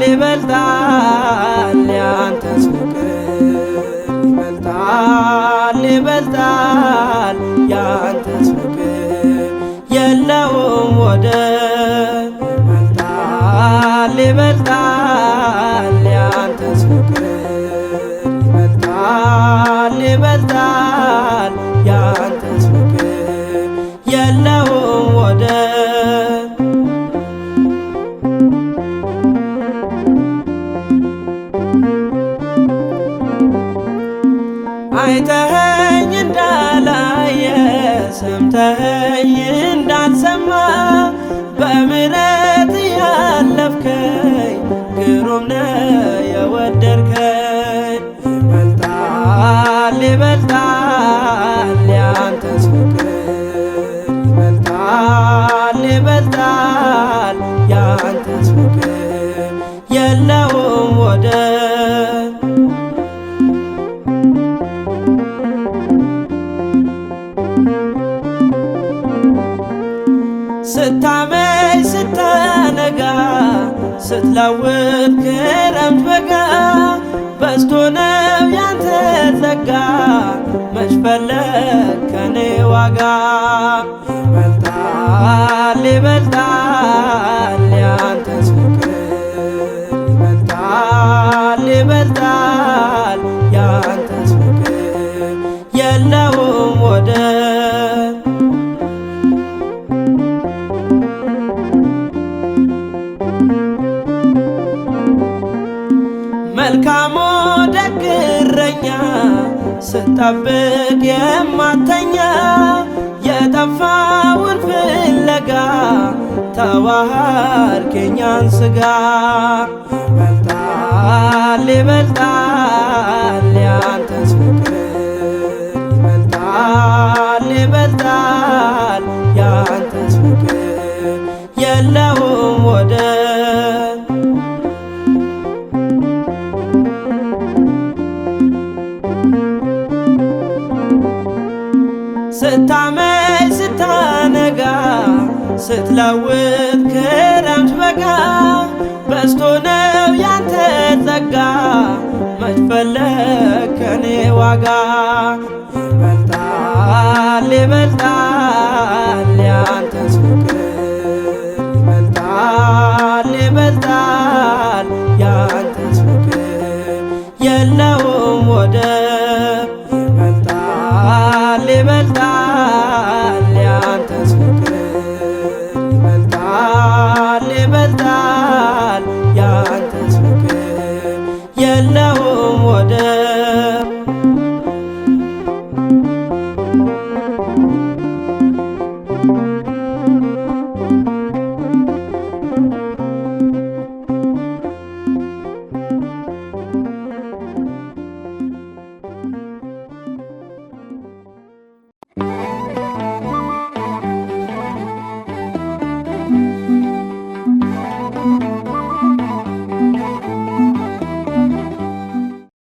ይበልጣል ይበልጣል ያንተስ ፍቅር ይበልጣል ይበልጣል ያንተስ ፍቅር አይተኸኝ እንዳላየ ሰምተኸኝ እንዳልሰማ በምረት ያለፍከኝ ግሩም ነ የወደድከኝ ይበልጣል ይበልጣል ስትለውጥ ክረምት በጋ በዝቶ ነው ያንተ ጸጋ መች ፈለግ ከኔ ዋጋ ይበልጣል ይበልጣል መልካሞ ደግረኛ እረኛ ስጠብቅ የማተኛ የጠፋውን ፍለጋ ተዋሃርከኛን ስጋ ይበልጣል ይበልጣል ያንተስ ፍቅር ይበልጣል ይበልጣል ያንተስ ፍቅር የለ ስታመሽ ስታነጋ ስትለውጥ ክረምት በጋ በስቶ ነው ያንተ ጸጋ ከኔ ዋጋ ይበልጣል ይበልጣል